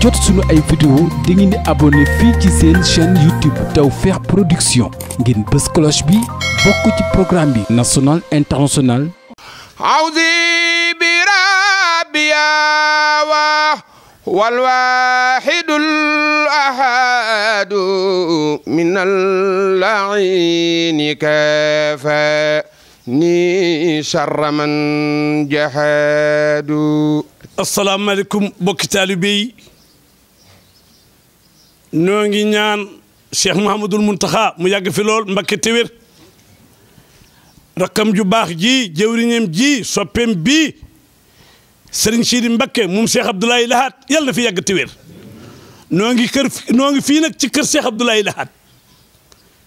jot suñu ay vidéo da ngeen di fii ci seen chaîne YouTube Tawfekh Production ngeen bës cloche bi bokk ci programme bi national international awdi bi rabbiya wa wal wahidul ahadu min al-aini kafa ni sharra man jahadu asalaamaaleykum bokki taalibe noo ngi ñaan Cheikh Mouhamadul Muntaxa mu yàgg fi lool mbakke téwér rakkam ju baax ji jëwriñam ji soppeem bii sëriñ Sidi Mbakke mu Cheikh Abdoulaye Lahat yàlla na fi yàgg téwér noo ngi kër noo ngi fii nag ci kër Cheikh Abdoulaye Lahat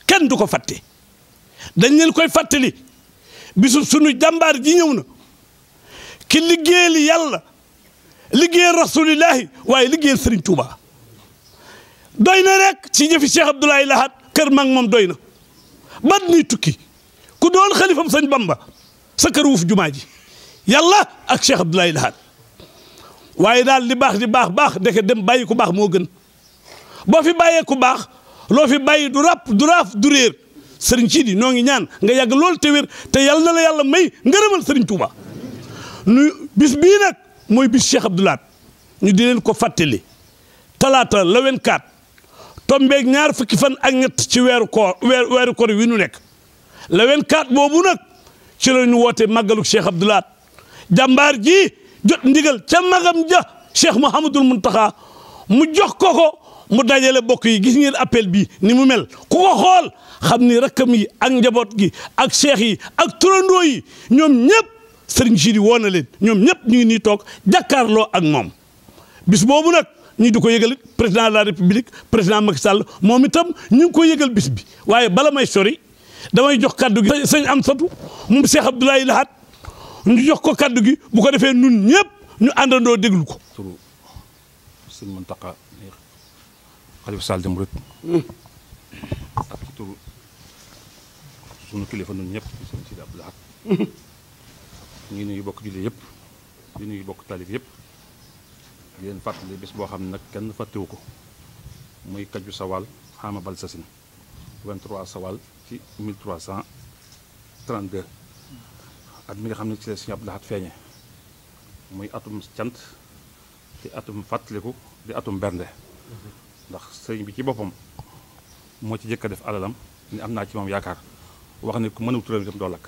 kenn du ko fàtte dañ leen koy fàttali bisu sunu jàmbaar ji ñëw na ki liggéeyal yàlla liggéeyal rasulillahi waaye liggéeyal sëriñ Touba. doy na rek ci jëfi Cheikh Abdoulaye Lahad kër mag moom doy na bat ni tukki ku doon xalifam sëñ Bamba sa kër wuuf jumaa ji yàlla ak Cheikh Abdoulaye Lahad waaye daal di baax di baax baax ndeke dem bàyyi ku baax moo gën boo fi bàyyee ku baax loo fi bàyyi du rapp du raaf du réer sëriñ sii di noo ngi ñaan nga yàgg lool te wér te yàlla na la yàlla may ngërëmal sëriñ Touba nu bis bii nag mooy bis Cheikh Abdoulaye ñu di leen ko fàttali talaata la tombeeg ñaar fukki fan ak ñett ci weeru koor weer weeru koor wi nu nekk le 24 boobu nag ci la ñu woote màggalu Cheikh Abdoul Ahad jàmbaar ji jot ndigal ca magam ja Cheikh mun Muntaxa mu jox ko ko mu dajale bokk yi gis ngeen appel bi ni mu mel ku ko xool xam ni rakkam yi ak njaboot gi ak cheikh yi ak turandoo yi ñoom ñëpp sëriñ si di woo na leen ñoom ñëpp ñu ngi nii toog jàkkaarloo ak moom bis boobu nag. ñu di ko yëgal président de la république président Macky Sall moom itam ñu ngi ko yëgal bis bi waaye bala may sori damay jox kaddu gi sañ am Amsatu moom Cheikh Abdoulaye Lahat ñu jox ko kaddu gi bu ko defee nun ñëpp ñu àndandoo déglu ko. turu sëñ Mountakha Khalifa Sall di murit ak ñëpp sëñ Sidi bokk jullit yëpp ñu nuyu bokk taalib yëpp. di leen fàttali bis boo xam ne nag kenn fàttewu ko muy kaju sawal xaama bal sasin 23 sawal ci 1332 at mi nga xam ne ci la Sëriñ Abdou Lahad feeñe muy atum cant di atum fàttaliku di atum bernde ndax sëriñ bi ci boppam moo ci jëkk def alalam ni am naa ci moom yaakaar wax ne ku mënu turam itam doo lakk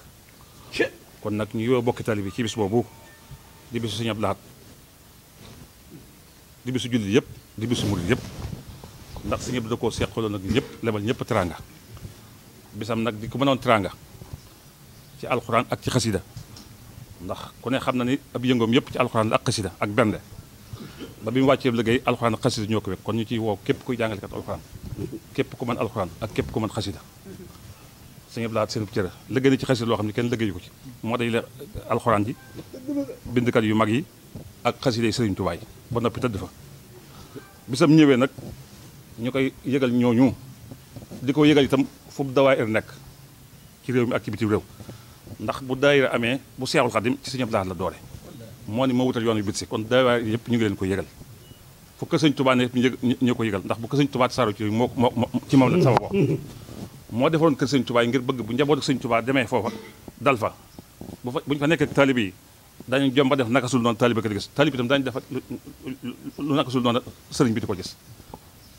kon nag ñu yoo bokki tali bi ci bis boobu di bisu Sëriñ Abdou Lahad di bisu jullit yëpp di bisu murit yëpp ndax si ñëpp da koo seqaloon nag ñëpp lebal ñëpp teraanga bisam nag di ko mënoon teraanga ci alxuraan ak ci xasida ndax ku ne xam na ni ab yëngoom yëpp ci alxuraan la ak xasida ak bernde ba bi mu wàccee liggéey alxuraan ak xasida ñoo ko wékk kon ñu ci woo képp kuy jàngalekat alxuraan képp ku mën alxuraan ak képp ko mën xasida sëñ Abdou Lahad seenub cëre liggéey na ci xasida loo xam ne kenn liggéeyu ko ci moo day la alxuraan ji bindkat yu mag yi ak xasida yi ba noppi tëdd fa bisam ñëwee nag ñu koy yëgal ñooñu di ko yëgal itam fu mu dawaayir nekk ci réew mi ak ci bitim réew ndax bu daayira amee bu seexul xadim ci Sëñ Abdou Lahad la doore moo ni moo wutal yoon yu bit si kon daayira yëpp ñu ngi leen ko yëgal fu ko Sëñ Tuubaa ne yëpp ñu ko yëgal ndax bu ko Sëñ Tuubaa saaro ci moo moo ci moom la sama bopp moo defaroon kër Sëñ Tuubaa yi ngir bëgg bu njaboot ak Sëñ demee foofa dal fa bu fa bu ñu fa nekk ak taalibe yi daañu jom def naka sul noonu taalibe ko di gis taalibe itam daañu def lu naka sul noonu sëriñ bi di ko gis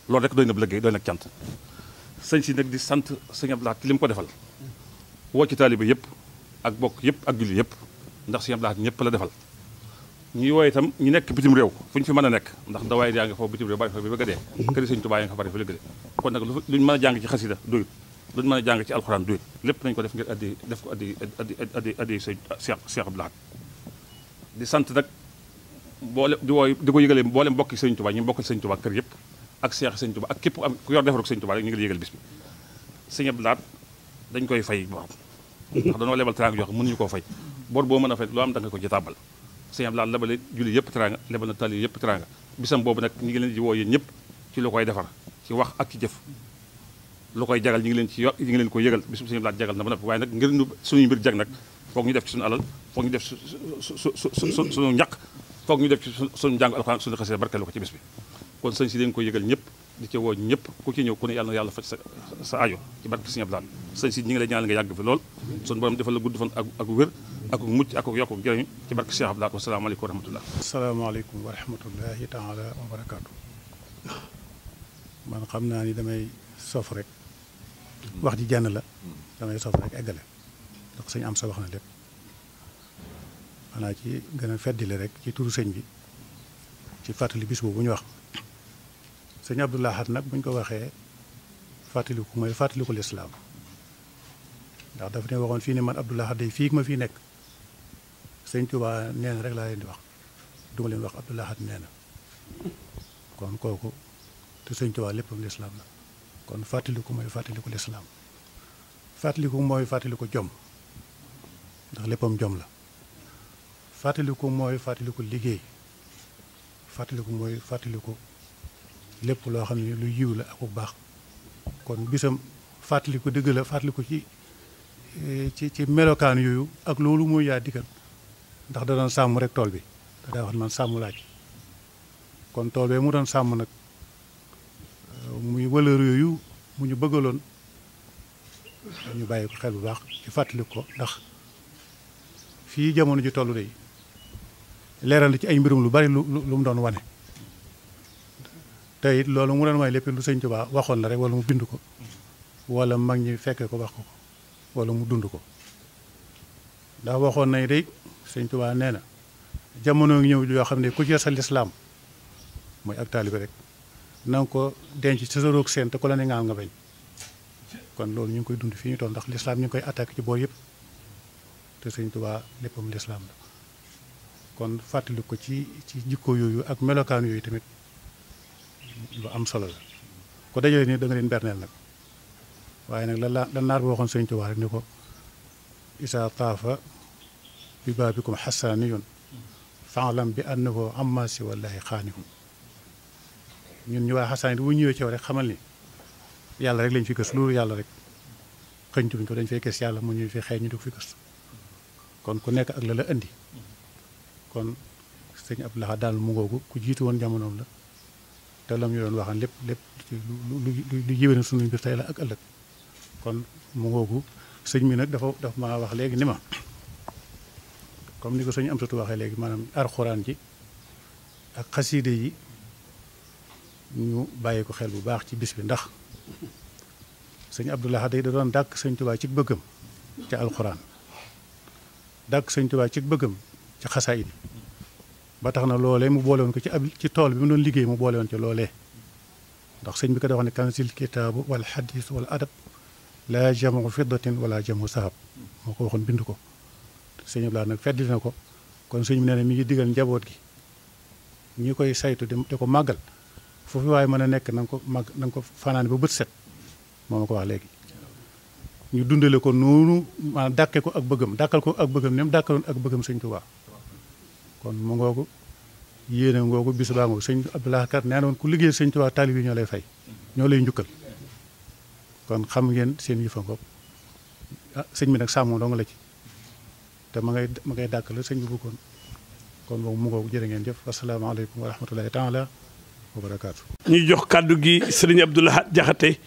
loolu rek doy na liggéey doy na cant sëñ si nag di sant sëñ Abdou Lahad ci li mu ko defal woo ci taalibe yëpp ak bokk yëpp ak julli yëpp ndax sëñ Abdou Lahad ñëpp la defal ñuy wooye itam ñu nekk bitim réew fu ñu fi mën a nekk ndax dawaay yaa nga foofu bitim réew bari fa bi ba gadee këri sëñ Tuubaa yi nga fa bari fa liggéey kon nag luñu mën a jàng ci mën a jàng ci lépp nañu ko def ngir addi def ko addi addi addi addi sëñ Cheikh Abdou Lahad di sant nag boole di wooy di ko yëgalee mboolem bokki sëñ Tuubaa ñu bokkal sëñ Tuubaa kër yëpp ak seex sëñ Tuubaa ak képp ku am ku yor defaru sëñ Tuubaa rek ñu ngi la yëgal bis bi sëñ Abdu Lahat dañ koy fay borom ndax dañoo lebal teraanga jox mënuñu koo fay bor boo mën a loo am nga ko ci tàbbal sëñ Abdu Lahat lebale julli yëpp teraanga lebal na tali yëpp teraanga bisam boobu nag ñu ngi leen di woo yéen ñëpp ci lu koy defar ci wax ak ci jëf lu koy jagal ñu ngi leen ci yor ñu ngi leen ko yëgal bis bu sëñ jagal na ba noppi waaye nag ngir suñu mbir jag nag foog ñu def ci suñu alal foog ñu def su su suñu ñàkk foog ñu def ci suñu jàng alxuraan suñu xasee barkeelu ko ci bis bi kon sëñ si dañ koy yëgal ñëpp di ci woo ñëpp ku ci ñëw ku ne yàlla faj sa sa aajo ci barke Sëñ Abdou Lahad sëñ si ñi ngi lay ñaanal nga yàgg fi lool suñu borom defal la gudd fan ak ak wér ak mucc ak yokk jëriñ ci barke Sëñ Abdou Lahad wasalaamaaleykum wa rahmatullah asalaamaaleykum wa rahmatullahi taala wa barakaatu man xam naa ni damay sof rek wax ji jànn la damay sof rek eggale ndax sëñ am sa wax na lépp xanaa ci gën a feddile rek ci turu sëñ bi ci fàttali bis boobu ñu wax sëñ Abdou Lahad nag buñ ko waxee fàttaliku mooy fàttaliku lislaam ndax dafa ne waxoon fii ne man Abdou Lahad fii ma fii nekk sëñ Tuubaa nee rek laa di wax duma leen wax Abdou nee na kon kooku te sëñ Tuubaa léppam lislaam la kon fàttaliku mooy fàttaliku lislaam fàttaliku mooy fàttaliku jom ndax léppam jom la fàttaliku mooy fàttaliku liggéey fàttaliku mooy fàttaliku lépp loo xam ne lu yiw la ak bu baax kon bisam fàttaliku dëgg la fàttaliku ci eh, ci ci melokaan yooyu ak loolu mooy yaa dikkal ndax da doon sàmm rek tool bi da wax man sàmm laaj kon tool bee mu doon sàmm nag eh, muy valeur yooyu mu ñu bëggaloon dañu bàyyi ko xel bu baax ci fàttaliku ko ndax fii jamono ji toll day leeral ci ay mbirum lu bari lu lu mu doon wane te loolu mu doon wane lépp lu sëñ Tuubaa waxoon na rek wala mu bind ko wala mag ñi fekke ko wax ko wala mu dund ko ndax waxoon na day sëñ Tuubaa nee na jamono ngi ñëw yoo xam ne ku ci sa lislaam mooy ak taalibe rek na nga ko denc ci sa roog seen te ko la ne ngaal nga bañ kon loolu ñu ngi koy dund fii ñu toll ndax lislaam ñu ngi koy attaqué ci boor yëpp te sëñ Tuubaa léppam lislaam la kon fàttali ko ci ci jikko yooyu ak melokaan yooyu tamit lu am solo la ko dajale nii da leen berneel nag waaye nag la la naar bi waxoon sëñ Tuubaa rek ni ko isa taafa bi baabikum xasaaniyun faalam bi na annahu amma si wallahi xaanihum ñun ñu waa xasaan yi bu ñëwee ci yow rek xamal ni yàlla rek lañ fi gës loolu yàlla rek xëñtuñ ko dañ fay gës yàlla mu ñuy fi xëy di ko fi gës kon ku nekk ak la la indi kon sëñ ab Lahad daal mu ngoogu ku jiitu woon jamonoom la te lam ñu doon waxaan lépp lépp lu lu jiwéne suñu mbir tey la ak ëllëg kon mu ngoogu sëñ mi nag dafa daf ma wax léegi ni ma comme ni ko sëñ am satu waxee léegi maanaam alxuraan ji ak xasiide yi ñu bàyyi ko xel bu baax ci bis bi ndax sëñ Abdou Lahad day da doon dàkk sëñ Tuubaa ci bëggam ca alxuraan dàkk sëñ Tuubaa ci bëggam ci yi ba tax na loolee mu boole woon ko ci ab ci tool bi mu doon liggéey mu boole woon ci loolee ndax sëñ bi ko da wax ne kansil kitaabu wala xadis wala adab la jamu fiddatin wala jamu sahab moo ko waxoon bind ko sëñ Ablaay nag feddli na ko kon sëñ bi nee mi ngi digal njaboot gi ñu koy saytu di ko màggal foofu waaye mën a nekk na ko màgg na ko fanaan ba bët set moo ma ko wax léegi ñu dundale ko noonu maanaam dàkke ko ak bëggam dàkkal ko ak bëggam ne mu dàkkaloon ak bëggam sëñ Tuubaa kon mu ngoogu yéene ngoogu bis baa ngoogu sëñ Abdoulaye ku liggéey sëñ Tuubaa taalib yi ñoo lay fay ñoo lay njukkal xam ngeen seen yëfa ngoog ah, sëñ bi nag sàmm dong la ci ma ngay ma ngay dàkkal sëñ bi bëggoon kon boobu mu ngoogu jërë ngeen jëf asalaamaaleykum wa ñuy jox kàddu gi sëriñ Abdoulaye Jaxate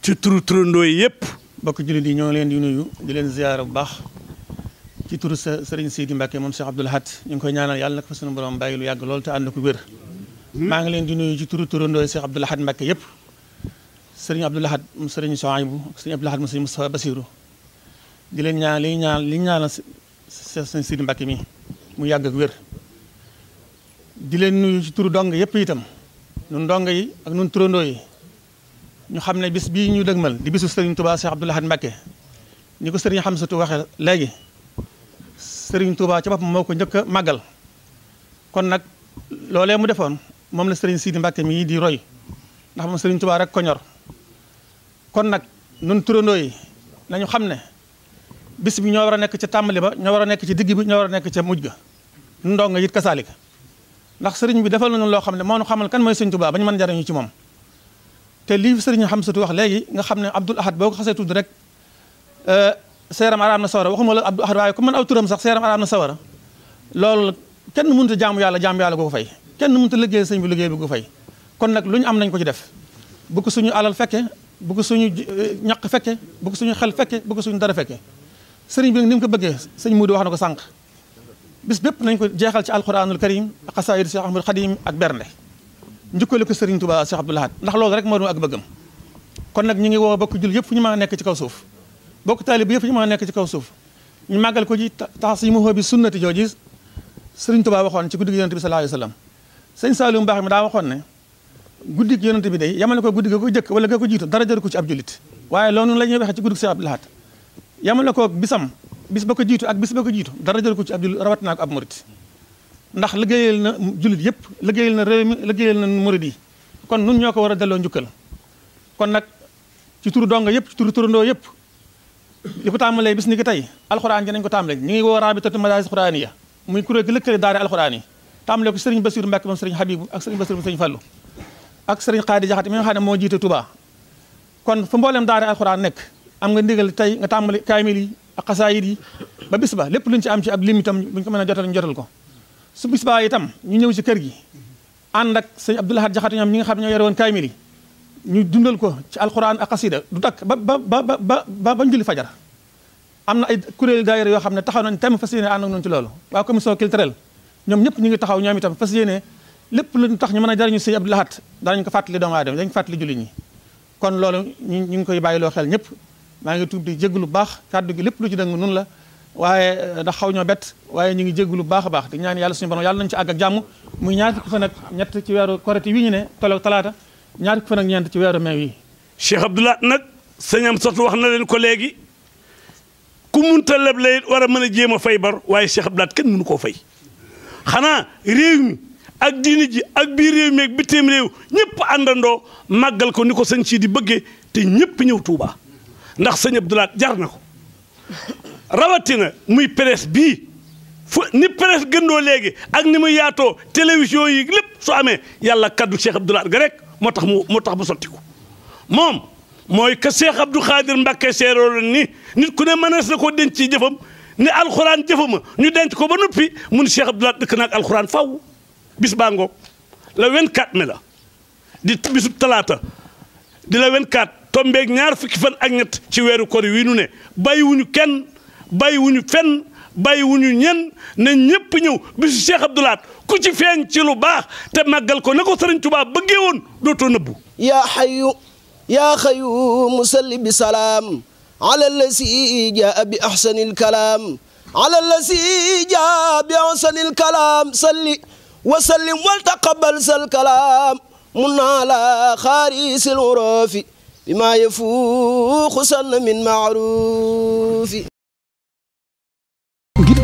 ci turu turandoo yëpp. bokk jullit yi ñoo leen di nuyu di leen ziyaara bu baax ci turu sa sëriñ Sidi Mbacke moom Cheikh Abdoul Ahad ñu ngi koy ñaanal yàlla na ko fa sunu borom bàyyi lu yàgg loolu te ànd ko wér. Hmm? maa ngi leen di nuyu ci turu turandoo Cheikh Abdoul Ahad Mbacke yëpp sëriñ Abdoul Ahad mu sëriñ Souhaïbou sëriñ Abdoul Ahad mu sëriñ Moustapha Bassirou di leen ñaan li ñaan li ñaanal sëriñ Sidi Mbacke mi mu yàgg ak wér. di leen nuyu ci turu dong yëpp itam nun dong yi ak nun turandoo yi ñu xam ne bis bii ñu mal di bisu Serigne Touba Cheikh Abdoul Ahad Mbacké ñi ko Serigne Hamsatou waxee léegi Serigne Touba ca boppam moo ko njëkk a màggal kon nag loolee mu defoon moom la Serigne Sidi Mbacké mii di roy ndax moom Serigne Touba rek ko ñor kon nag nun turandoo yi nañu xam ne bis bi ñoo war a tàmbali ba ñoo war nekk ci digg bi ñoo war a nekk ca mujj ndoo nga yit kasaalika ndax sëriñ bi defal nañu loo xam ne moo nu xamal kan mooy Sëriñ Touba ba ñu mën jariñu ci moom te lii fi sëriñ Xamsatu wax léegi nga xam ne Abdul Ahad boo ko xasee tudd rek euh, seeram araam na sawara waxuma la Abdul Ahad waaye ku mën turam sax seeram araam na sawara loolu kenn mun a jaamu yàlla jaamu yàlla ko fay kenn mun a liggéey sëñ bi liggéey bi ko fay kon nag lu ñu am nañ ko ci def bu ko suñu alal fekke bu ko suñu euh, ñaq fekke bu suñu xel fekke bu ko suñu dara fekke sëriñ bi nag ni mu ko bëggee sëñ Muudu wax na ko sànq bis bépp nañ ko jeexal ci alquranul karim xasaayid Cheikh Ahmadou Khadim ak bernde njukkale ko Serigne Touba Cheikh Abdou Lahad ndax loolu rek moo doon ak bëggam kon nag ñu ngi woo bokk jul yëpp fu ñu mën nekk ci kaw suuf bokk taalib bi yëpp fu ñu mën nekk ci kaw suuf ñu màggal ko ji tax si mu xoo bi sunnati jooji Serigne Touba waxoon ci guddi gi yonente bi sallallahu alayhi wasallam sëñ Saliou Mbaax mi daa waxoon ne guddi gi yonente bi day yamale ko guddi ga ko jëkk wala ko jiitu dara jaru ko ci ab julit waaye loolu la ñuy waxee yamale ko bisam bis ba ko jiitu ak bis ba ko jiitu dara jaru ko ci ab julit rawat naa ko ab murit ndax liggéeyal na jullit yëpp liggéeyal na réew mi liggéeyal na murid kon nun ñoo ko war a delloo njukkal kon nag ci turu donga yëpp ci turu turandoo yëpp li ko tàmbalee bis ni ki tey alxuraan ji nañ ko tàmbalee ñu ngi woo raabitatu madaaris xuraaniya muy kuréel gi lëkkale daara alxuraan yi tàmbalee ko sëriñ Basiru Mbàkke moom sëriñ Habibu ak sëriñ Basiru moom sëriñ Fallu ak sëriñ Xaadi Jaxate mi nga xam ne moo jiite Touba kon fu mboolem daara alxuraan nekk am nga ndigal tey nga tàmbali kaamil yi ak xasaayid yi ba bis ba lépp luñ ci am ci ab lim itam buñ ko mën a jotal ñu jotal ko su bis baa itam ñu ñëw si kër gi ànd ak sëñ Abdou Lahad Jaxate ñoom ñi nga xam ne ñoo yore woon kaamil yi ñu dundal ko ci alxuraan ak xasida du takk ba ba ba ba ba njulli fajar am na ay kuréel daayira yoo xam ne taxaw nañ tem fas yéene ànd ak noonu ci loolu waa commission culturelle ñoom ñëpp ñu ngi taxaw ñoom itam fas yéene lépp lu tax ñu mën a jariñu sëñ Abdou Lahad danañ ko fàttali doomu aadama dañ fàttali julli ñi kon loolu ñu ngi koy bàyyiloo xel ñëpp maa ngi tuub di jégg lu baax kàddu gi lépp lu ci dëng nun la waaye eh, ndax xaw ñoo bett waaye ñu ngi jéggulu baax a baax di ñaan yàlla suñu borom yàlla ci àgg ak muy ñaar fukki fan ñett ci weeru korite ñu ne tolloog talaata ñaar fukki fan ak ñeent ci weeru mai wi Cheikh Abdoulaye nag sëñ am sotu wax na leen ko léegi ku munta leb lay war a mën a jéem a fay bar waaye Cheikh Abdoulaye kenn mënu koo fay xanaa réew mi ak diini ji ak biir réew mi ak bitim réew ñëpp àndandoo màggal ko ni ko sëñ si di bëgge te ñëpp ñëw Tuubaa ndax sëñ Abdoulaye jar na ko rawatina muy presse bii fu ni presse gëndoo léegi ak ni muy yaatoo télévision yi lépp su amee yàlla kàddu Cheikh Abdoul Ahad ga rek moo tax mu moo tax mu sotti moom mooy que Cheikh Abdou Khadir Mbacké seeroon ni nit ku ne mënees na koo denc ci jëfam ni alxuraan jëfama ñu denc ko ba noppi mun Cheikh Abdoul Ahad dëkk naag alxuraan faw bis bàngoo ngoog le 24 mai la di bisub talaata di le 24 tombeek ñaar fukki fan ak ñett ci weeru kor wi nu ne bàyyiwuñu kenn. bàyyiwuñu fenn bàyyiwuñu ñenn na ñëpp ñëw bisu Cheikh Abdou Lahad ku ci feeñ ci lu baax te màggal ko na ko Sëriñ Tuubaa bëggee woon dootoo nëbbu yaa xayu yaa xayu musalli bi salaam ala lasi jaa bi ahsanil kalaam ala lasi jaa bi ahsanil kalaam salli wa sallim wal taqabal sal kalaam mun naa la xaarisil uroofi bi maa yafuuxu sann min maaruufi